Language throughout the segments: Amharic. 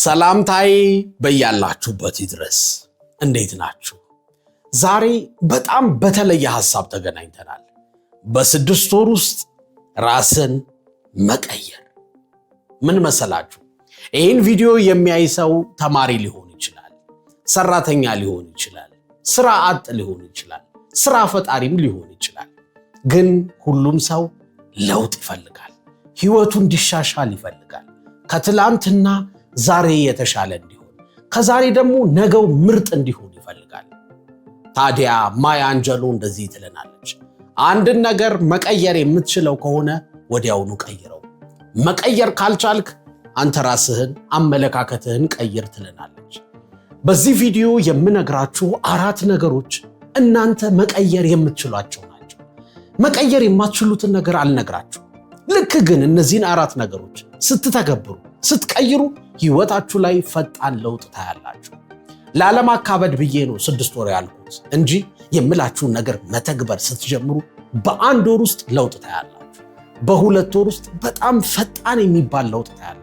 ሰላምታዬ በያላችሁበት ይድረስ። እንዴት ናችሁ? ዛሬ በጣም በተለየ ሐሳብ ተገናኝተናል። በስድስት ወር ውስጥ ራስን መቀየር ምን መሰላችሁ? ይህን ቪዲዮ የሚያይ ሰው ተማሪ ሊሆን ይችላል፣ ሰራተኛ ሊሆን ይችላል፣ ስራ አጥ ሊሆን ይችላል፣ ስራ ፈጣሪም ሊሆን ይችላል። ግን ሁሉም ሰው ለውጥ ይፈልጋል። ህይወቱ እንዲሻሻል ይፈልጋል። ከትላንትና ዛሬ የተሻለ እንዲሆን ከዛሬ ደግሞ ነገው ምርጥ እንዲሆን ይፈልጋል። ታዲያ ማያ አንጀሎ እንደዚህ ትለናለች፣ አንድን ነገር መቀየር የምትችለው ከሆነ ወዲያውኑ ቀይረው፣ መቀየር ካልቻልክ አንተ ራስህን አመለካከትህን ቀይር ትለናለች። በዚህ ቪዲዮ የምነግራችሁ አራት ነገሮች እናንተ መቀየር የምትችሏቸው ናቸው። መቀየር የማትችሉትን ነገር አልነግራችሁ ልክ ግን እነዚህን አራት ነገሮች ስትተገብሩ ስትቀይሩ ህይወታችሁ ላይ ፈጣን ለውጥ ታያላችሁ። ለዓለም አካበድ ብዬ ነው ስድስት ወር ያልኩት እንጂ የምላችሁን ነገር መተግበር ስትጀምሩ በአንድ ወር ውስጥ ለውጥ ታያላችሁ። በሁለት ወር ውስጥ በጣም ፈጣን የሚባል ለውጥ ታያላችሁ።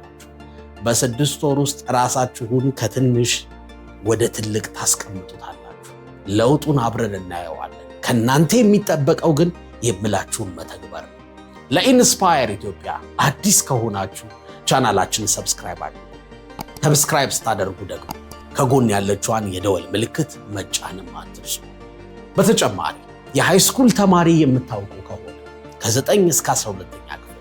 በስድስት ወር ውስጥ ራሳችሁን ከትንሽ ወደ ትልቅ ታስቀምጡታላችሁ። ለውጡን አብረን እናየዋለን። ከእናንተ የሚጠበቀው ግን የምላችሁን መተግበር ነው። ለኢንስፓየር ኢትዮጵያ አዲስ ከሆናችሁ ቻናላችን ሰብስክራይብ አድርጉ። ሰብስክራይብ ስታደርጉ ደግሞ ከጎን ያለችዋን የደወል ምልክት መጫንም አትርሱ። በተጨማሪ የሃይስኩል ተማሪ የምታውቁ ከሆነ ከ9 እስከ 12ኛ ክፍል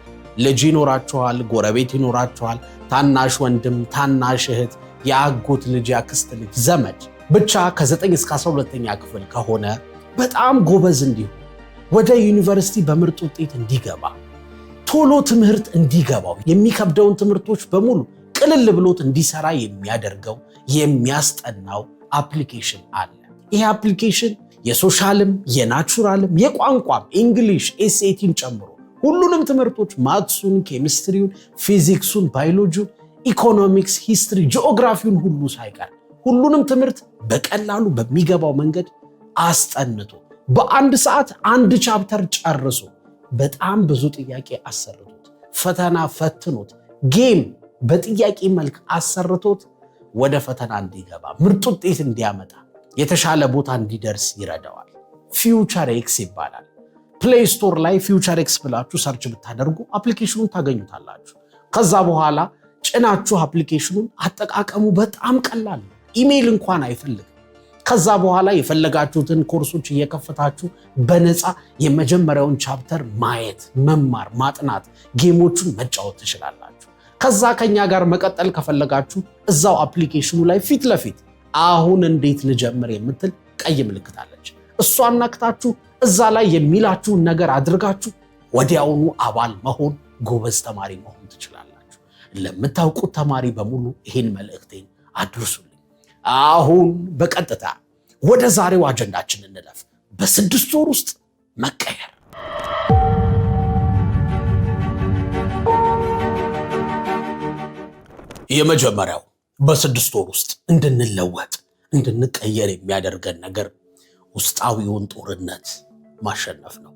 ልጅ ይኖራችኋል፣ ጎረቤት ይኖራችኋል፣ ታናሽ ወንድም፣ ታናሽ እህት፣ የአጎት ልጅ፣ ያክስት ልጅ፣ ዘመድ ብቻ ከ9 እስከ 12ኛ ክፍል ከሆነ በጣም ጎበዝ እንዲሆን ወደ ዩኒቨርሲቲ በምርጥ ውጤት እንዲገባ ቶሎ ትምህርት እንዲገባው የሚከብደውን ትምህርቶች በሙሉ ቅልል ብሎት እንዲሰራ የሚያደርገው የሚያስጠናው አፕሊኬሽን አለ። ይሄ አፕሊኬሽን የሶሻልም የናቹራልም የቋንቋም እንግሊሽ ኤስኤቲን ጨምሮ ሁሉንም ትምህርቶች ማትሱን፣ ኬሚስትሪውን፣ ፊዚክሱን፣ ባዮሎጂውን፣ ኢኮኖሚክስ፣ ሂስትሪ፣ ጂኦግራፊውን ሁሉ ሳይቀር ሁሉንም ትምህርት በቀላሉ በሚገባው መንገድ አስጠንቶ በአንድ ሰዓት አንድ ቻፕተር ጨርሶ በጣም ብዙ ጥያቄ አሰርቶት ፈተና ፈትኖት ጌም በጥያቄ መልክ አሰርቶት ወደ ፈተና እንዲገባ ምርጥ ውጤት እንዲያመጣ የተሻለ ቦታ እንዲደርስ ይረዳዋል። ፊውቸር ኤክስ ይባላል። ፕሌይ ስቶር ላይ ፊውቸር ኤክስ ብላችሁ ሰርች ብታደርጉ አፕሊኬሽኑን ታገኙታላችሁ። ከዛ በኋላ ጭናችሁ አፕሊኬሽኑን አጠቃቀሙ በጣም ቀላል ነው። ኢሜይል እንኳን አይፈልግም። ከዛ በኋላ የፈለጋችሁትን ኮርሶች እየከፈታችሁ በነፃ የመጀመሪያውን ቻፕተር ማየት፣ መማር፣ ማጥናት፣ ጌሞቹን መጫወት ትችላላችሁ። ከዛ ከኛ ጋር መቀጠል ከፈለጋችሁ እዛው አፕሊኬሽኑ ላይ ፊት ለፊት አሁን እንዴት ልጀምር የምትል ቀይ ምልክት አለች። እሷን ነክታችሁ እዛ ላይ የሚላችሁን ነገር አድርጋችሁ ወዲያውኑ አባል መሆን ጎበዝ ተማሪ መሆን ትችላላችሁ። ለምታውቁት ተማሪ በሙሉ ይህን መልእክቴን አድርሱልኝ። አሁን በቀጥታ ወደ ዛሬው አጀንዳችን እንለፍ። በስድስት ወር ውስጥ መቀየር የመጀመሪያው በስድስት ወር ውስጥ እንድንለወጥ እንድንቀየር የሚያደርገን ነገር ውስጣዊውን ጦርነት ማሸነፍ ነው።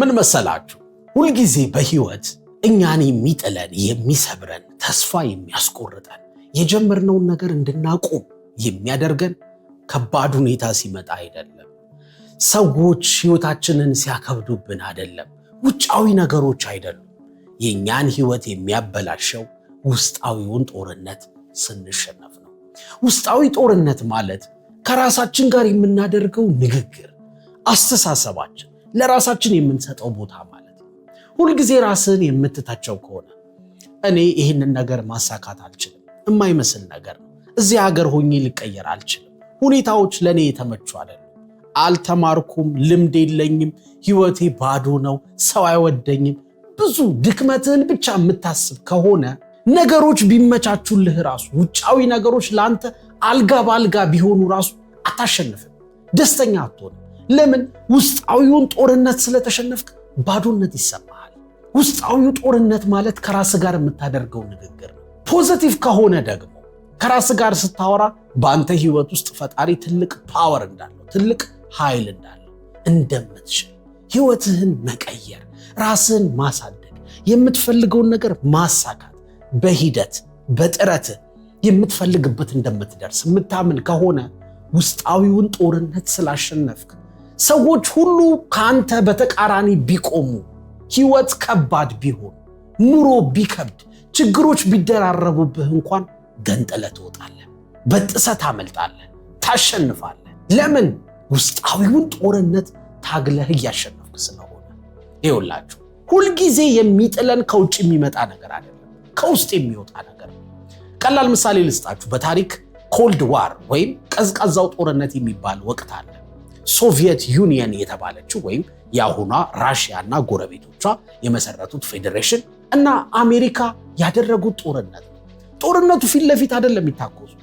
ምን መሰላችሁ? ሁልጊዜ በህይወት እኛን የሚጥለን የሚሰብረን፣ ተስፋ የሚያስቆርጠን የጀመርነውን ነገር እንድናቆም የሚያደርገን ከባድ ሁኔታ ሲመጣ አይደለም። ሰዎች ህይወታችንን ሲያከብዱብን አይደለም። ውጫዊ ነገሮች አይደሉም። የእኛን ህይወት የሚያበላሸው ውስጣዊውን ጦርነት ስንሸነፍ ነው። ውስጣዊ ጦርነት ማለት ከራሳችን ጋር የምናደርገው ንግግር፣ አስተሳሰባችን፣ ለራሳችን የምንሰጠው ቦታ ማለት ነው። ሁልጊዜ ራስን የምትታቸው ከሆነ እኔ ይህንን ነገር ማሳካት አልችልም፣ የማይመስል ነገር ነው፣ እዚህ ሀገር ሆኜ ልቀየር አልችልም፣ ሁኔታዎች ለእኔ የተመቹ አይደሉም፣ አልተማርኩም፣ ልምድ የለኝም፣ ህይወቴ ባዶ ነው፣ ሰው አይወደኝም፣ ብዙ ድክመትህን ብቻ የምታስብ ከሆነ ነገሮች ቢመቻቹልህ ራሱ ውጫዊ ነገሮች ለአንተ አልጋ በአልጋ ቢሆኑ ራሱ አታሸንፍም፣ ደስተኛ አትሆንም። ለምን? ውስጣዊውን ጦርነት ስለተሸነፍክ ባዶነት ይሰማሃል። ውስጣዊው ጦርነት ማለት ከራስ ጋር የምታደርገው ንግግር ነው። ፖዘቲቭ ከሆነ ደግሞ ከራስ ጋር ስታወራ በአንተ ህይወት ውስጥ ፈጣሪ ትልቅ ፓወር እንዳለው ትልቅ ኃይል እንዳለው እንደምትችል ህይወትህን መቀየር፣ ራስህን ማሳደግ፣ የምትፈልገውን ነገር ማሳካት በሂደት በጥረት የምትፈልግበት እንደምትደርስ የምታምን ከሆነ ውስጣዊውን ጦርነት ስላሸነፍክ ሰዎች ሁሉ ከአንተ በተቃራኒ ቢቆሙ፣ ህይወት ከባድ ቢሆን፣ ኑሮ ቢከብድ፣ ችግሮች ቢደራረቡብህ እንኳን ገንጥለ ትወጣለህ፣ በጥሰ ታመልጣለህ፣ ታሸንፋለህ። ለምን? ውስጣዊውን ጦርነት ታግለህ እያሸነፍክ ስለሆነ። ይኸውላችሁ ሁልጊዜ የሚጥለን ከውጭ የሚመጣ ነገር አለ ከውስጥ የሚወጣ ነገር። ቀላል ምሳሌ ልስጣችሁ። በታሪክ ኮልድ ዋር ወይም ቀዝቃዛው ጦርነት የሚባል ወቅት አለ። ሶቪየት ዩኒየን የተባለችው ወይም የአሁኗ ራሽያ እና ጎረቤቶቿ የመሰረቱት ፌዴሬሽን እና አሜሪካ ያደረጉት ጦርነት ነው። ጦርነቱ ፊት ለፊት አይደለም የሚታኮሱት፣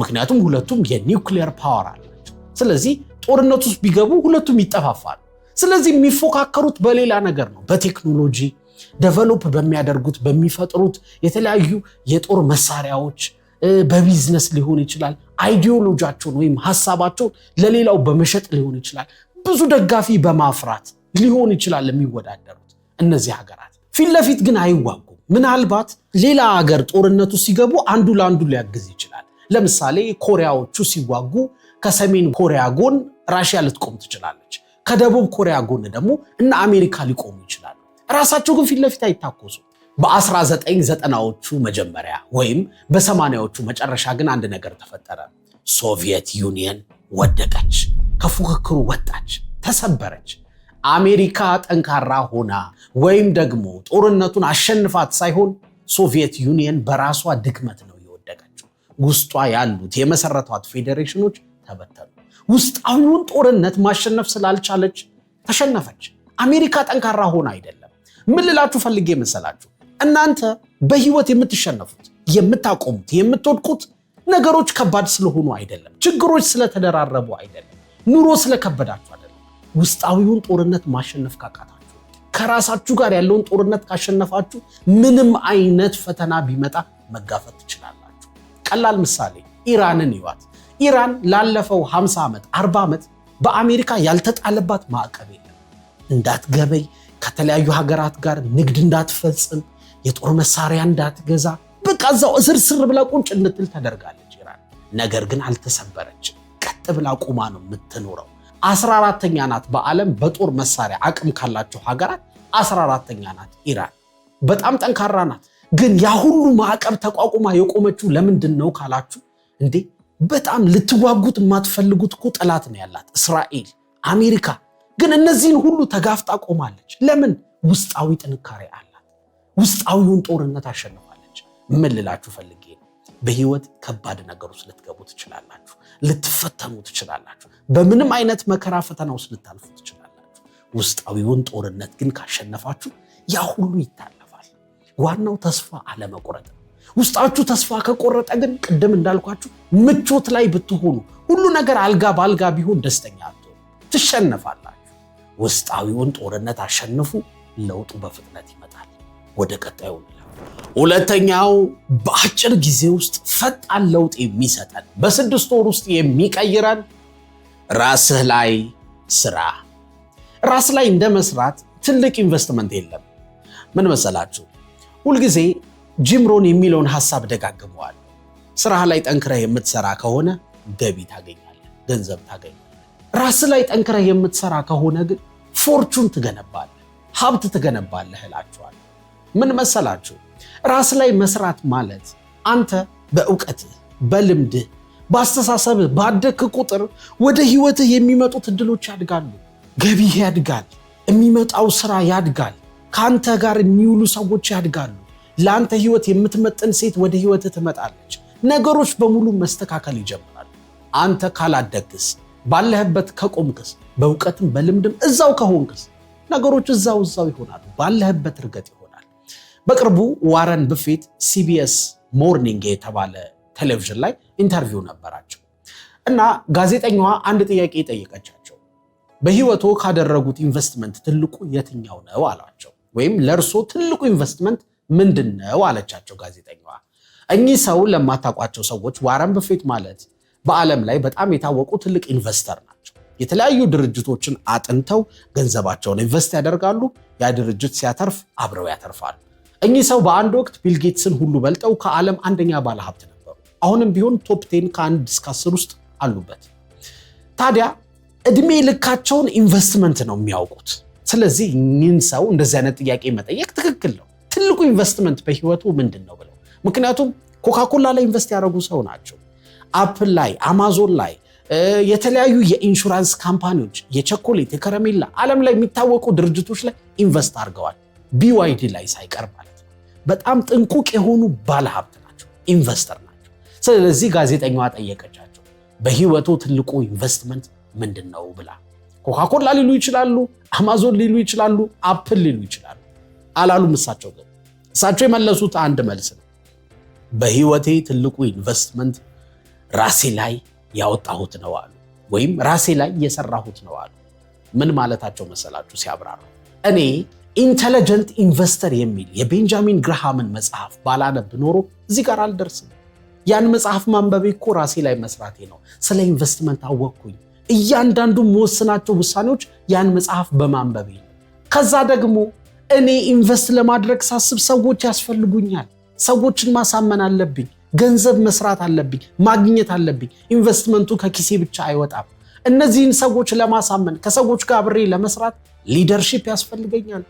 ምክንያቱም ሁለቱም የኒውክሊየር ፓወር አላቸው። ስለዚህ ጦርነት ውስጥ ቢገቡ ሁለቱም ይጠፋፋሉ። ስለዚህ የሚፎካከሩት በሌላ ነገር ነው፣ በቴክኖሎጂ ደቨሎፕ በሚያደርጉት በሚፈጥሩት የተለያዩ የጦር መሳሪያዎች በቢዝነስ ሊሆን ይችላል። አይዲዮሎጂያቸውን ወይም ሀሳባቸውን ለሌላው በመሸጥ ሊሆን ይችላል። ብዙ ደጋፊ በማፍራት ሊሆን ይችላል የሚወዳደሩት እነዚህ ሀገራት። ፊት ለፊት ግን አይዋጉም። ምናልባት ሌላ ሀገር ጦርነቱ ሲገቡ አንዱ ለአንዱ ሊያግዝ ይችላል። ለምሳሌ ኮሪያዎቹ ሲዋጉ ከሰሜን ኮሪያ ጎን ራሽያ ልትቆም ትችላለች። ከደቡብ ኮሪያ ጎን ደግሞ እነ አሜሪካ ሊቆሙ ይችላሉ። ራሳቸው ግን ፊት ለፊት አይታኮሱ። በ1990ዎቹ መጀመሪያ ወይም በ80ዎቹ መጨረሻ ግን አንድ ነገር ተፈጠረ። ሶቪየት ዩኒየን ወደቀች፣ ከፉክክሩ ወጣች፣ ተሰበረች። አሜሪካ ጠንካራ ሆና ወይም ደግሞ ጦርነቱን አሸንፋት ሳይሆን ሶቪየት ዩኒየን በራሷ ድክመት ነው የወደቀችው። ውስጧ ያሉት የመሰረቷት ፌዴሬሽኖች ተበተኑ። ውስጣዊውን ጦርነት ማሸነፍ ስላልቻለች ተሸነፈች። አሜሪካ ጠንካራ ሆና አይደለም። ምን ልላችሁ ፈልጌ መሰላችሁ? እናንተ በህይወት የምትሸነፉት የምታቆሙት የምትወድቁት ነገሮች ከባድ ስለሆኑ አይደለም፣ ችግሮች ስለተደራረቡ አይደለም፣ ኑሮ ስለከበዳችሁ አይደለም። ውስጣዊውን ጦርነት ማሸነፍ ካቃታችሁ፣ ከራሳችሁ ጋር ያለውን ጦርነት ካሸነፋችሁ፣ ምንም አይነት ፈተና ቢመጣ መጋፈት ትችላላችሁ። ቀላል ምሳሌ ኢራንን ይዋት። ኢራን ላለፈው 50 ዓመት 40 ዓመት በአሜሪካ ያልተጣለባት ማዕቀብ የለም። እንዳትገበይ ከተለያዩ ሀገራት ጋር ንግድ እንዳትፈጽም፣ የጦር መሳሪያ እንዳትገዛ፣ በቃ እዛው ብላ ቁጭ እንድትል ተደርጋለች ኢራን። ነገር ግን አልተሰበረችም። ቀጥ ብላ ቁማ ነው የምትኖረው። አስራ አራተኛ ናት በዓለም በጦር መሳሪያ አቅም ካላቸው ሀገራት አስራ አራተኛ ናት ኢራን። በጣም ጠንካራ ናት። ግን ያ ሁሉ ማዕቀብ ተቋቁማ የቆመችው ለምንድን ነው ካላችሁ፣ እንዴ በጣም ልትዋጉት የማትፈልጉት እኮ ጠላት ነው ያላት እስራኤል፣ አሜሪካ ግን እነዚህን ሁሉ ተጋፍጣ ቆማለች። ለምን? ውስጣዊ ጥንካሬ አላት። ውስጣዊውን ጦርነት አሸንፋለች። ምን ልላችሁ ፈልጌ ነው፣ በህይወት ከባድ ነገር ውስጥ ልትገቡ ትችላላችሁ፣ ልትፈተኑ ትችላላችሁ፣ በምንም አይነት መከራ ፈተና ውስጥ ልታልፉ ትችላላችሁ። ውስጣዊውን ጦርነት ግን ካሸነፋችሁ ያ ሁሉ ይታለፋል። ዋናው ተስፋ አለመቁረጥ ነው። ውስጣችሁ ተስፋ ከቆረጠ ግን ቅድም እንዳልኳችሁ ምቾት ላይ ብትሆኑ ሁሉ ነገር አልጋ በአልጋ ቢሆን ደስተኛ አትሆኑ፣ ትሸነፋላችሁ። ውስጣዊውን ጦርነት አሸንፉ። ለውጡ በፍጥነት ይመጣል። ወደ ቀጣዩ ሁለተኛው በአጭር ጊዜ ውስጥ ፈጣን ለውጥ የሚሰጠን በስድስት ወር ውስጥ የሚቀይረን ራስህ ላይ ስራ። ራስ ላይ እንደ መስራት ትልቅ ኢንቨስትመንት የለም። ምን መሰላችሁ? ሁልጊዜ ጂም የሚለውን ሀሳብ ደጋግመዋል። ስራህ ላይ ጠንክረህ የምትሰራ ከሆነ ገቢ ታገኛለህ፣ ገንዘብ ታገኛለህ። ራስ ላይ ጠንክረህ የምትሰራ ከሆነ ግን ፎርቹን ትገነባለህ፣ ሀብት ትገነባለህ እላችኋል። ምን መሰላችሁ? ራስ ላይ መስራት ማለት አንተ በእውቀትህ፣ በልምድህ፣ በአስተሳሰብህ ባደክ ቁጥር ወደ ህይወትህ የሚመጡት እድሎች ያድጋሉ። ገቢህ ያድጋል። የሚመጣው ስራ ያድጋል። ከአንተ ጋር የሚውሉ ሰዎች ያድጋሉ። ለአንተ ህይወት የምትመጥን ሴት ወደ ህይወትህ ትመጣለች። ነገሮች በሙሉ መስተካከል ይጀምራል። አንተ ካላደግስ፣ ባለህበት ከቆምክስ በእውቀትም በልምድም እዛው ከሆንክስ ነገሮች እዛው እዛው ይሆናሉ። ባለህበት እርገጥ ይሆናል። በቅርቡ ዋረን ብፌት ሲቢኤስ ሞርኒንግ የተባለ ቴሌቪዥን ላይ ኢንተርቪው ነበራቸው እና ጋዜጠኛዋ አንድ ጥያቄ ጠየቀቻቸው። በህይወቶ ካደረጉት ኢንቨስትመንት ትልቁ የትኛው ነው አሏቸው። ወይም ለእርሶ ትልቁ ኢንቨስትመንት ምንድን ነው አለቻቸው ጋዜጠኛዋ። እኚህ ሰው ለማታውቋቸው ሰዎች ዋረን ብፌት ማለት በዓለም ላይ በጣም የታወቁ ትልቅ ኢንቨስተር ነው። የተለያዩ ድርጅቶችን አጥንተው ገንዘባቸውን ኢንቨስት ያደርጋሉ። ያ ድርጅት ሲያተርፍ አብረው ያተርፋሉ። እኚህ ሰው በአንድ ወቅት ቢልጌትስን ሁሉ በልጠው ከዓለም አንደኛ ባለሀብት ነበሩ። አሁንም ቢሆን ቶፕ ቴን ከአንድ እስከ አስር ውስጥ አሉበት። ታዲያ እድሜ ልካቸውን ኢንቨስትመንት ነው የሚያውቁት። ስለዚህ እኚህን ሰው እንደዚህ አይነት ጥያቄ መጠየቅ ትክክል ነው። ትልቁ ኢንቨስትመንት በህይወቱ ምንድን ነው ብለው ምክንያቱም ኮካኮላ ላይ ኢንቨስት ያደረጉ ሰው ናቸው። አፕል ላይ፣ አማዞን ላይ የተለያዩ የኢንሹራንስ ካምፓኒዎች የቸኮሌት፣ የከረሜላ ዓለም ላይ የሚታወቁ ድርጅቶች ላይ ኢንቨስት አድርገዋል። ቢዋይዲ ላይ ሳይቀር ማለት ነው። በጣም ጥንቁቅ የሆኑ ባለሀብት ናቸው፣ ኢንቨስተር ናቸው። ስለዚህ ጋዜጠኛዋ ጠየቀቻቸው በህይወቱ ትልቁ ኢንቨስትመንት ምንድን ነው ብላ። ኮካኮላ ሊሉ ይችላሉ፣ አማዞን ሊሉ ይችላሉ፣ አፕል ሊሉ ይችላሉ። አላሉም። እሳቸው ግን እሳቸው የመለሱት አንድ መልስ ነው። በህይወቴ ትልቁ ኢንቨስትመንት ራሴ ላይ ያወጣሁት ነው አሉ፣ ወይም ራሴ ላይ የሰራሁት ነው አሉ። ምን ማለታቸው መሰላችሁ ሲያብራሩ እኔ ኢንተለጀንት ኢንቨስተር የሚል የቤንጃሚን ግርሃምን መጽሐፍ ባላነብ ኖሮ እዚህ ጋር አልደርስም። ያን መጽሐፍ ማንበቤ እኮ ራሴ ላይ መስራቴ ነው። ስለ ኢንቨስትመንት አወቅኩኝ። እያንዳንዱ መወስናቸው ውሳኔዎች ያን መጽሐፍ በማንበቤ ነው። ከዛ ደግሞ እኔ ኢንቨስት ለማድረግ ሳስብ ሰዎች ያስፈልጉኛል። ሰዎችን ማሳመን አለብኝ። ገንዘብ መስራት አለብኝ፣ ማግኘት አለብኝ። ኢንቨስትመንቱ ከኪሴ ብቻ አይወጣም። እነዚህን ሰዎች ለማሳመን ከሰዎች ጋር አብሬ ለመስራት ሊደርሺፕ ያስፈልገኛል፣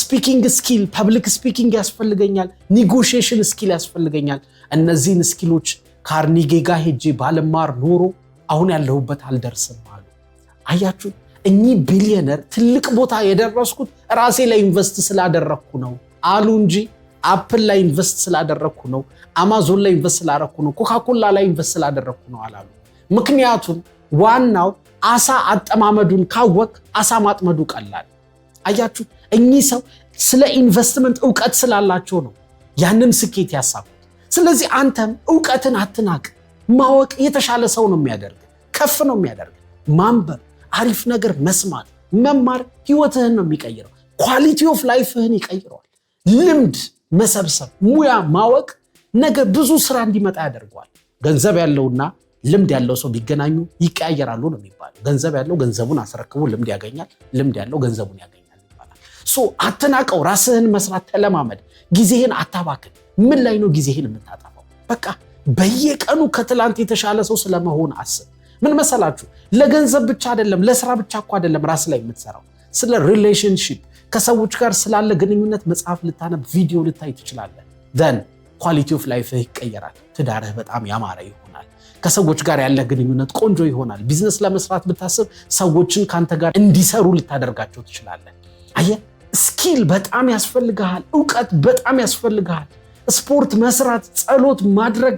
ስፒኪንግ ስኪል፣ ፐብሊክ ስፒኪንግ ያስፈልገኛል፣ ኒጎሽሽን ስኪል ያስፈልገኛል። እነዚህን ስኪሎች ካርኒጌ ጋር ሄጄ ባለማር ኖሮ አሁን ያለሁበት አልደርስም አሉ። አያችሁ፣ እኚህ ቢሊዮነር ትልቅ ቦታ የደረስኩት ራሴ ላይ ኢንቨስት ስላደረግኩ ነው አሉ እንጂ አፕል ላይ ኢንቨስት ስላደረግኩ ነው፣ አማዞን ላይ ኢንቨስት ስላደረግኩ ነው፣ ኮካኮላ ላይ ኢንቨስት ስላደረግኩ ነው አላሉ። ምክንያቱም ዋናው አሳ አጠማመዱን ካወቅ አሳ ማጥመዱ ቀላል። አያችሁ፣ እኚህ ሰው ስለ ኢንቨስትመንት እውቀት ስላላቸው ነው ያንን ስኬት ያሳኩት። ስለዚህ አንተም እውቀትን አትናቅ። ማወቅ የተሻለ ሰው ነው የሚያደርግ፣ ከፍ ነው የሚያደርግ። ማንበብ፣ አሪፍ ነገር መስማት፣ መማር ህይወትህን ነው የሚቀይረው። ኳሊቲ ኦፍ ላይፍህን ይቀይረዋል። ልምድ መሰብሰብ፣ ሙያ ማወቅ ነገ ብዙ ስራ እንዲመጣ ያደርገዋል። ገንዘብ ያለውና ልምድ ያለው ሰው ቢገናኙ ይቀያየራሉ ነው የሚባለው። ገንዘብ ያለው ገንዘቡን አስረክቦ ልምድ ያገኛል፣ ልምድ ያለው ገንዘቡን ያገኛል ይባላል። አትናቀው፣ ራስህን መስራት ተለማመድ፣ ጊዜህን አታባክን። ምን ላይ ነው ጊዜህን የምታጠፋው? በቃ በየቀኑ ከትላንት የተሻለ ሰው ስለመሆን አስብ። ምን መሰላችሁ፣ ለገንዘብ ብቻ አይደለም፣ ለስራ ብቻ እኮ አይደለም ራስ ላይ የምትሰራው ስለ ሪሌሽንሽፕ ከሰዎች ጋር ስላለ ግንኙነት መጽሐፍ ልታነብ፣ ቪዲዮ ልታይ ትችላለህ። ደን ኳሊቲ ኦፍ ላይፍህ ይቀየራል። ትዳርህ በጣም ያማረ ይሆናል። ከሰዎች ጋር ያለ ግንኙነት ቆንጆ ይሆናል። ቢዝነስ ለመስራት ብታስብ ሰዎችን ከአንተ ጋር እንዲሰሩ ልታደርጋቸው ትችላለህ። አየህ፣ ስኪል በጣም ያስፈልግሃል። እውቀት በጣም ያስፈልግሃል። ስፖርት መስራት፣ ጸሎት ማድረግ፣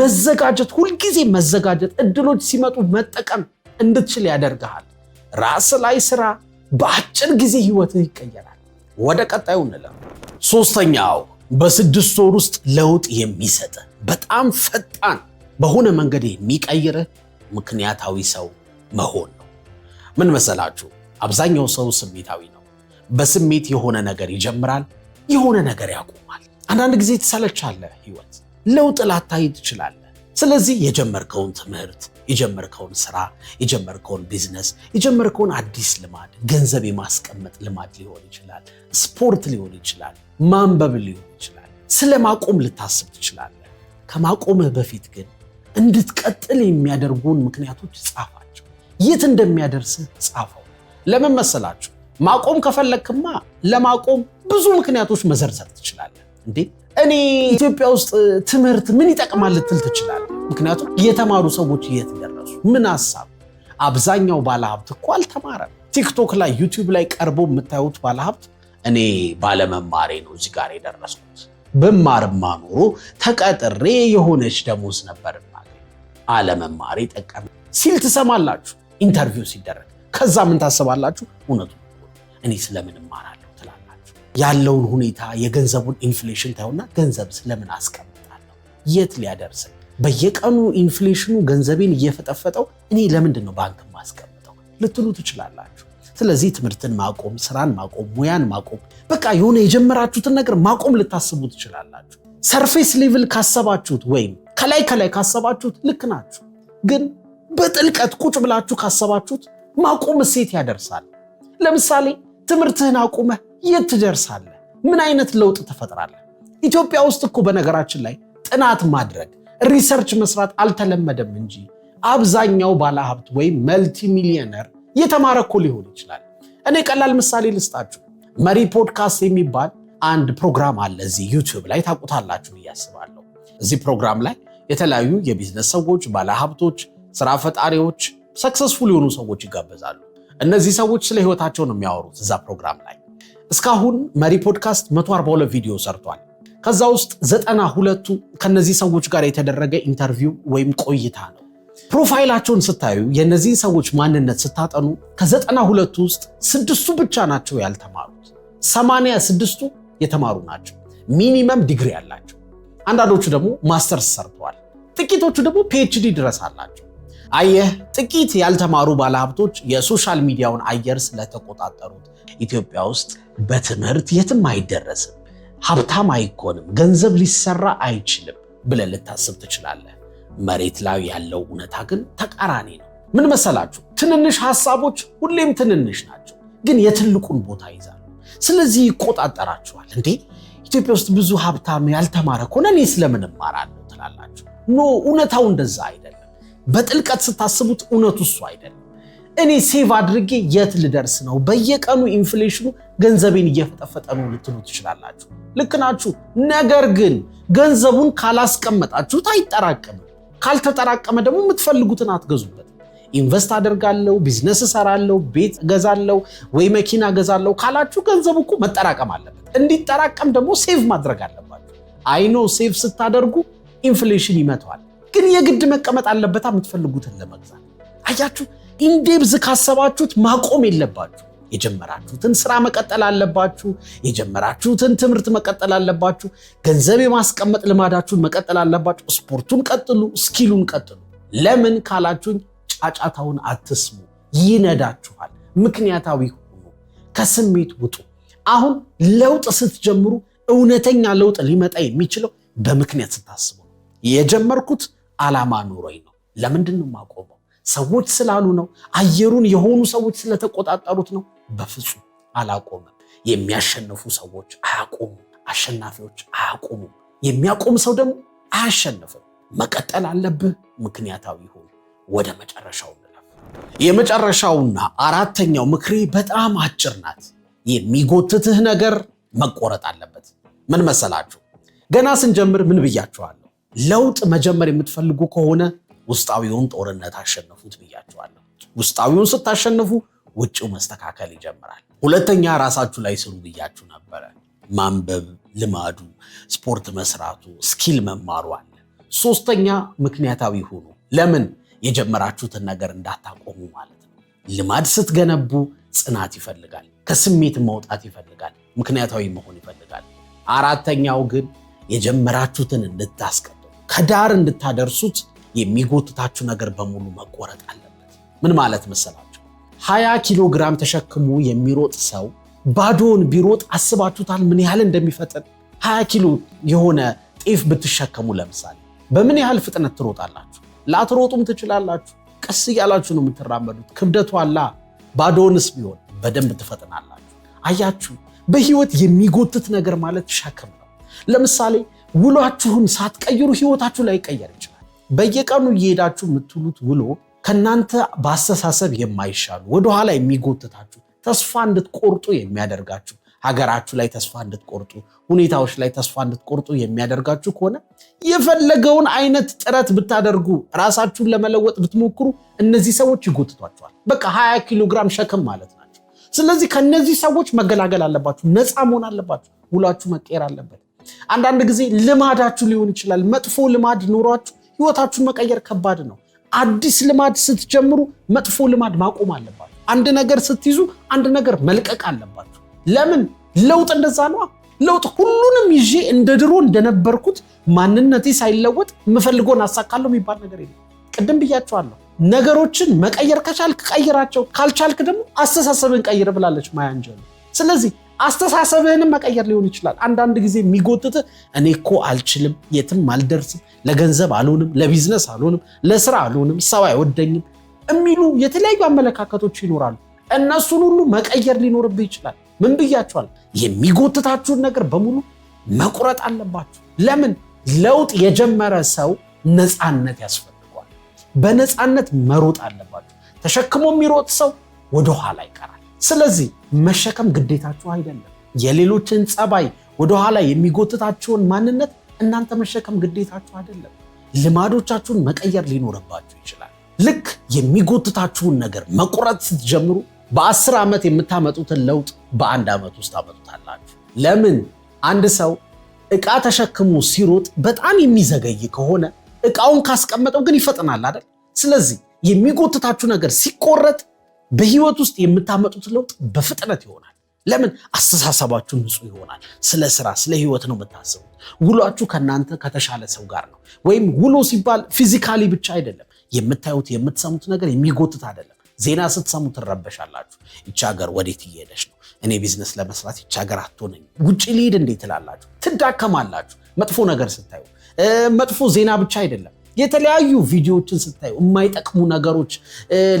መዘጋጀት፣ ሁልጊዜ መዘጋጀት፣ እድሎች ሲመጡ መጠቀም እንድትችል ያደርግሃል። ራስ ላይ ስራ በአጭር ጊዜ ህይወትህ ይቀየራል። ወደ ቀጣዩ እንለፍ። ሶስተኛው በስድስት ወር ውስጥ ለውጥ የሚሰጥ በጣም ፈጣን በሆነ መንገድ የሚቀይርህ ምክንያታዊ ሰው መሆን ነው። ምን መሰላችሁ? አብዛኛው ሰው ስሜታዊ ነው። በስሜት የሆነ ነገር ይጀምራል፣ የሆነ ነገር ያቆማል። አንዳንድ ጊዜ ትሰለቻለህ። ህይወት ለውጥ ላታይ ትችላለህ። ስለዚህ የጀመርከውን ትምህርት፣ የጀመርከውን ስራ፣ የጀመርከውን ቢዝነስ፣ የጀመርከውን አዲስ ልማድ፣ ገንዘብ የማስቀመጥ ልማድ ሊሆን ይችላል፣ ስፖርት ሊሆን ይችላል፣ ማንበብ ሊሆን ይችላል። ስለ ማቆም ልታስብ ትችላለህ። ከማቆምህ በፊት ግን እንድትቀጥል የሚያደርጉን ምክንያቶች ጻፋቸው። የት እንደሚያደርስህ ጻፈው። ለምን መሰላችሁ? ማቆም ከፈለግክማ ለማቆም ብዙ ምክንያቶች መዘርዘር ትችላለህ እንዴ እኔ ኢትዮጵያ ውስጥ ትምህርት ምን ይጠቅማል ልትል ትችላል። ምክንያቱም የተማሩ ሰዎች የት ደረሱ? ምን ሀሳብ? አብዛኛው ባለሀብት እኮ አልተማረም። ቲክቶክ ላይ ዩቲዩብ ላይ ቀርቦ የምታዩት ባለሀብት እኔ ባለመማሬ ነው እዚህ ጋር የደረስኩት፣ ብማርማ ኖሮ ተቀጥሬ የሆነች ደሞዝ ነበር አለመማሬ ጠቀመ ሲል ትሰማላችሁ ኢንተርቪው ሲደረግ። ከዛ ምን ታስባላችሁ? እውነቱ እኔ ስለምን እማራለሁ ያለውን ሁኔታ የገንዘቡን ኢንፍሌሽን ታዩና፣ ገንዘብ ስለምን አስቀምጣለሁ? የት ሊያደርስ? በየቀኑ ኢንፍሌሽኑ ገንዘቤን እየፈጠፈጠው እኔ ለምንድን ነው ባንክ ማስቀምጠው ልትሉ ትችላላችሁ። ስለዚህ ትምህርትን ማቆም፣ ስራን ማቆም፣ ሙያን ማቆም፣ በቃ የሆነ የጀመራችሁትን ነገር ማቆም ልታስቡ ትችላላችሁ። ሰርፌስ ሌቭል ካሰባችሁት ወይም ከላይ ከላይ ካሰባችሁት ልክ ናችሁ። ግን በጥልቀት ቁጭ ብላችሁ ካሰባችሁት ማቆም እሴት ያደርሳል። ለምሳሌ ትምህርትህን አቁመህ የት ትደርሳለህ? ምን አይነት ለውጥ ትፈጥራለ? ኢትዮጵያ ውስጥ እኮ በነገራችን ላይ ጥናት ማድረግ ሪሰርች መስራት አልተለመደም እንጂ አብዛኛው ባለሀብት ወይም መልቲ ሚሊዮነር የተማረ እኮ ሊሆን ይችላል። እኔ ቀላል ምሳሌ ልስጣችሁ። መሪ ፖድካስት የሚባል አንድ ፕሮግራም አለ እዚህ ዩቲዩብ ላይ ታውቁታላችሁ ብዬ አስባለሁ። እዚህ ፕሮግራም ላይ የተለያዩ የቢዝነስ ሰዎች፣ ባለሀብቶች፣ ስራ ፈጣሪዎች፣ ሰክሰስፉል የሆኑ ሰዎች ይጋበዛሉ። እነዚህ ሰዎች ስለ ህይወታቸው ነው የሚያወሩት እዛ ፕሮግራም ላይ እስካሁን መሪ ፖድካስት 142 ቪዲዮ ሰርቷል። ከዛ ውስጥ ዘጠና ሁለቱ ከነዚህ ሰዎች ጋር የተደረገ ኢንተርቪው ወይም ቆይታ ነው። ፕሮፋይላቸውን ስታዩ የእነዚህን ሰዎች ማንነት ስታጠኑ ከዘጠና ሁለቱ ውስጥ ስድስቱ ብቻ ናቸው ያልተማሩት። ሰማንያ ስድስቱ የተማሩ ናቸው፣ ሚኒመም ዲግሪ ያላቸው። አንዳንዶቹ ደግሞ ማስተርስ ሰርተዋል። ጥቂቶቹ ደግሞ ፒኤችዲ ድረስ አላቸው። አየህ፣ ጥቂት ያልተማሩ ባለሀብቶች የሶሻል ሚዲያውን አየር ስለተቆጣጠሩት ኢትዮጵያ ውስጥ በትምህርት የትም አይደረስም፣ ሀብታም አይኮንም፣ ገንዘብ ሊሰራ አይችልም ብለን ልታስብ ትችላለህ። መሬት ላይ ያለው እውነታ ግን ተቃራኒ ነው። ምን መሰላችሁ? ትንንሽ ሀሳቦች ሁሌም ትንንሽ ናቸው፣ ግን የትልቁን ቦታ ይዛሉ። ስለዚህ ይቆጣጠራችኋል። እንዴ ኢትዮጵያ ውስጥ ብዙ ሀብታም ያልተማረ ከሆነ እኔ ስለምን እማራለሁ ትላላችሁ። ኖ እውነታው እንደዛ አይደለም። በጥልቀት ስታስቡት እውነቱ እሱ አይደለም። እኔ ሴቭ አድርጌ የት ልደርስ ነው? በየቀኑ ኢንፍሌሽኑ ገንዘቤን እየፈጠፈጠ ነው ልትሉ ትችላላችሁ። ልክ ናችሁ። ነገር ግን ገንዘቡን ካላስቀመጣችሁት አይጠራቀምም። ካልተጠራቀመ ደግሞ የምትፈልጉትን አትገዙበት። ኢንቨስት አደርጋለሁ፣ ቢዝነስ እሰራለሁ፣ ቤት እገዛለሁ ወይ መኪና እገዛለሁ ካላችሁ ገንዘቡ እኮ መጠራቀም አለበት። እንዲጠራቀም ደግሞ ሴቭ ማድረግ አለባችሁ። አይኖ ሴቭ ስታደርጉ ኢንፍሌሽን ይመተዋል፣ ግን የግድ መቀመጥ አለበታ የምትፈልጉትን ለመግዛት አያችሁ። እንዴብዝ ካሰባችሁት ማቆም የለባችሁ። የጀመራችሁትን ስራ መቀጠል አለባችሁ። የጀመራችሁትን ትምህርት መቀጠል አለባችሁ። ገንዘብ የማስቀመጥ ልማዳችሁን መቀጠል አለባችሁ። ስፖርቱን ቀጥሉ፣ ስኪሉን ቀጥሉ። ለምን ካላችሁኝ ጫጫታውን አትስሙ፣ ይነዳችኋል። ምክንያታዊ ሁኑ፣ ከስሜት ውጡ። አሁን ለውጥ ስትጀምሩ እውነተኛ ለውጥ ሊመጣ የሚችለው በምክንያት ስታስቡ ነው። የጀመርኩት አላማ ኑሮኝ ነው። ለምንድን ነው የማቆመው? ሰዎች ስላሉ ነው፣ አየሩን የሆኑ ሰዎች ስለተቆጣጠሩት ነው። በፍጹም አላቆምም። የሚያሸንፉ ሰዎች አያቆሙም። አሸናፊዎች አያቆሙም። የሚያቆም ሰው ደግሞ አያሸንፍም። መቀጠል አለብህ። ምክንያታዊ ሆኑ። ወደ መጨረሻው እንለፍ። የመጨረሻውና አራተኛው ምክሬ በጣም አጭር ናት። የሚጎትትህ ነገር መቆረጥ አለበት። ምን መሰላችሁ? ገና ስንጀምር ምን ብያችኋለሁ? ለውጥ መጀመር የምትፈልጉ ከሆነ ውስጣዊውን ጦርነት አሸንፉት ብያቸዋለሁ። ውስጣዊውን ስታሸንፉ ውጭው መስተካከል ይጀምራል። ሁለተኛ ራሳችሁ ላይ ስሩ ብያችሁ ነበረ። ማንበብ ልማዱ፣ ስፖርት መስራቱ፣ ስኪል መማሩ አለ። ሶስተኛ ምክንያታዊ ሁኑ። ለምን የጀመራችሁትን ነገር እንዳታቆሙ ማለት ነው። ልማድ ስትገነቡ ጽናት ይፈልጋል። ከስሜት መውጣት ይፈልጋል። ምክንያታዊ መሆን ይፈልጋል። አራተኛው ግን የጀመራችሁትን እንድታስቀድሙ ከዳር እንድታደርሱት የሚጎትታችሁ ነገር በሙሉ መቆረጥ አለበት። ምን ማለት መሰላችሁ? ሀያ ኪሎ ግራም ተሸክሞ የሚሮጥ ሰው ባዶውን ቢሮጥ አስባችሁታል? ምን ያህል እንደሚፈጥን። ሀያ ኪሎ የሆነ ጤፍ ብትሸከሙ ለምሳሌ በምን ያህል ፍጥነት ትሮጣላችሁ? ላትሮጡም ትችላላችሁ። ቀስ እያላችሁ ነው የምትራመዱት። ክብደቱ አላ ባዶንስ ቢሆን በደንብ ትፈጥናላችሁ። አያችሁ፣ በህይወት የሚጎትት ነገር ማለት ሸክም ነው። ለምሳሌ ውሏችሁን ሳትቀይሩ ህይወታችሁ ላይ ቀየር በየቀኑ እየሄዳችሁ የምትውሉት ውሎ ከእናንተ በአስተሳሰብ የማይሻሉ ወደኋላ የሚጎትታችሁ ተስፋ እንድትቆርጡ የሚያደርጋችሁ ሀገራችሁ ላይ ተስፋ እንድትቆርጡ ሁኔታዎች ላይ ተስፋ እንድትቆርጡ የሚያደርጋችሁ ከሆነ የፈለገውን አይነት ጥረት ብታደርጉ ራሳችሁን ለመለወጥ ብትሞክሩ እነዚህ ሰዎች ይጎትቷቸዋል። በቃ 20 ኪሎ ግራም ሸክም ማለት ናቸው። ስለዚህ ከነዚህ ሰዎች መገላገል አለባችሁ፣ ነፃ መሆን አለባችሁ፣ ውሏችሁ መቀየር አለበት። አንዳንድ ጊዜ ልማዳችሁ ሊሆን ይችላል። መጥፎ ልማድ ኖሯችሁ ህይወታችሁን መቀየር ከባድ ነው። አዲስ ልማድ ስትጀምሩ መጥፎ ልማድ ማቆም አለባችሁ። አንድ ነገር ስትይዙ አንድ ነገር መልቀቅ አለባችሁ። ለምን ለውጥ እንደዛ ነዋ። ለውጥ ሁሉንም ይዤ እንደ ድሮ እንደነበርኩት ማንነቴ ሳይለወጥ የምፈልገውን አሳካለሁ የሚባል ነገር የለም። ቅድም ብያቸዋለሁ። ነገሮችን መቀየር ከቻልክ ቀይራቸው፣ ካልቻልክ ደግሞ አስተሳሰብን ቀይር ብላለች ማያ ስለዚህ አስተሳሰብህንም መቀየር ሊሆን ይችላል። አንዳንድ ጊዜ የሚጎትት እኔ እኮ አልችልም፣ የትም አልደርስም፣ ለገንዘብ አልሆንም፣ ለቢዝነስ አልሆንም፣ ለስራ አልሆንም፣ ሰው አይወደኝም የሚሉ የተለያዩ አመለካከቶች ይኖራሉ። እነሱን ሁሉ መቀየር ሊኖርብህ ይችላል። ምን ብያቸኋል? የሚጎትታችሁን ነገር በሙሉ መቁረጥ አለባችሁ። ለምን? ለውጥ የጀመረ ሰው ነፃነት ያስፈልገዋል። በነፃነት መሮጥ አለባችሁ። ተሸክሞ የሚሮጥ ሰው ወደኋላ ይቀራል። ስለዚህ መሸከም ግዴታችሁ አይደለም። የሌሎችን ጸባይ ወደኋላ የሚጎትታችሁን ማንነት እናንተ መሸከም ግዴታችሁ አይደለም። ልማዶቻችሁን መቀየር ሊኖርባችሁ ይችላል። ልክ የሚጎትታችሁን ነገር መቁረጥ ስትጀምሩ በአስር ዓመት የምታመጡትን ለውጥ በአንድ ዓመት ውስጥ ታመጡታላችሁ። ለምን? አንድ ሰው እቃ ተሸክሞ ሲሮጥ በጣም የሚዘገይ ከሆነ እቃውን ካስቀመጠው ግን ይፈጥናል አይደል? ስለዚህ የሚጎትታችሁ ነገር ሲቆረጥ በህይወት ውስጥ የምታመጡት ለውጥ በፍጥነት ይሆናል። ለምን? አስተሳሰባችሁ ንጹህ ይሆናል። ስለ ስራ፣ ስለ ህይወት ነው የምታስቡት። ውሏችሁ ከእናንተ ከተሻለ ሰው ጋር ነው። ወይም ውሎ ሲባል ፊዚካሊ ብቻ አይደለም። የምታዩት የምትሰሙት ነገር የሚጎትት አይደለም። ዜና ስትሰሙ ትረበሻላችሁ። ይቺ ሀገር ወዴት እየሄደች ነው? እኔ ቢዝነስ ለመስራት ይቺ ሀገር አትሆነኝ፣ ውጭ ሊሄድ እንዴት ትላላችሁ? ትዳከማላችሁ። መጥፎ ነገር ስታዩ መጥፎ ዜና ብቻ አይደለም የተለያዩ ቪዲዮዎችን ስታዩ የማይጠቅሙ ነገሮች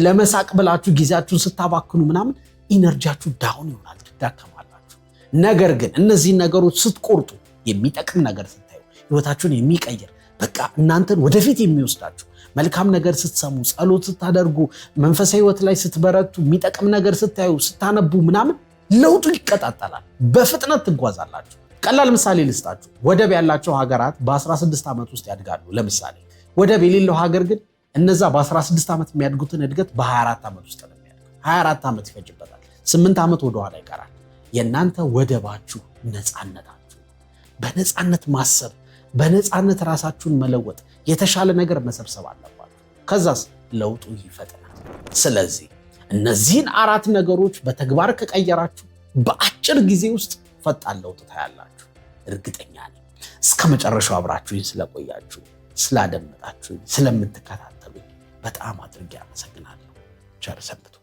ለመሳቅ ብላችሁ ጊዜያችሁን ስታባክኑ ምናምን ኢነርጂያችሁ ዳውን ይሆናል፣ ትዳከማላችሁ። ነገር ግን እነዚህን ነገሮች ስትቆርጡ የሚጠቅም ነገር ስታዩ ህይወታችሁን የሚቀይር በቃ እናንተን ወደፊት የሚወስዳችሁ መልካም ነገር ስትሰሙ፣ ጸሎት ስታደርጉ፣ መንፈሳዊ ህይወት ላይ ስትበረቱ፣ የሚጠቅም ነገር ስታዩ፣ ስታነቡ ምናምን ለውጡ ይቀጣጠላል። በፍጥነት ትጓዛላችሁ። ቀላል ምሳሌ ልስጣችሁ። ወደብ ያላቸው ሀገራት በ16 ዓመት ውስጥ ያድጋሉ። ለምሳሌ ወደብ የሌለው ሀገር ግን እነዛ በ16 ዓመት የሚያድጉትን እድገት በ24 ዓመት ውስጥ ነው የሚያድገው። 24 ዓመት ይፈጅበታል። 8 ዓመት ወደኋላ ይቀራል። የእናንተ ወደባችሁ ነፃነታችሁ። በነፃነት ማሰብ፣ በነፃነት ራሳችሁን መለወጥ፣ የተሻለ ነገር መሰብሰብ አለባችሁ። ከዛስ ለውጡ ይፈጥናል። ስለዚህ እነዚህን አራት ነገሮች በተግባር ከቀየራችሁ በአጭር ጊዜ ውስጥ ፈጣን ለውጥ ታያላችሁ። እርግጠኛ ነኝ። እስከ መጨረሻው አብራችሁኝ ስለቆያችሁ ስላደመጣችሁ ስለምትከታተሉ በጣም አድርጌ አመሰግናለሁ። ቸር ሰንብቱ።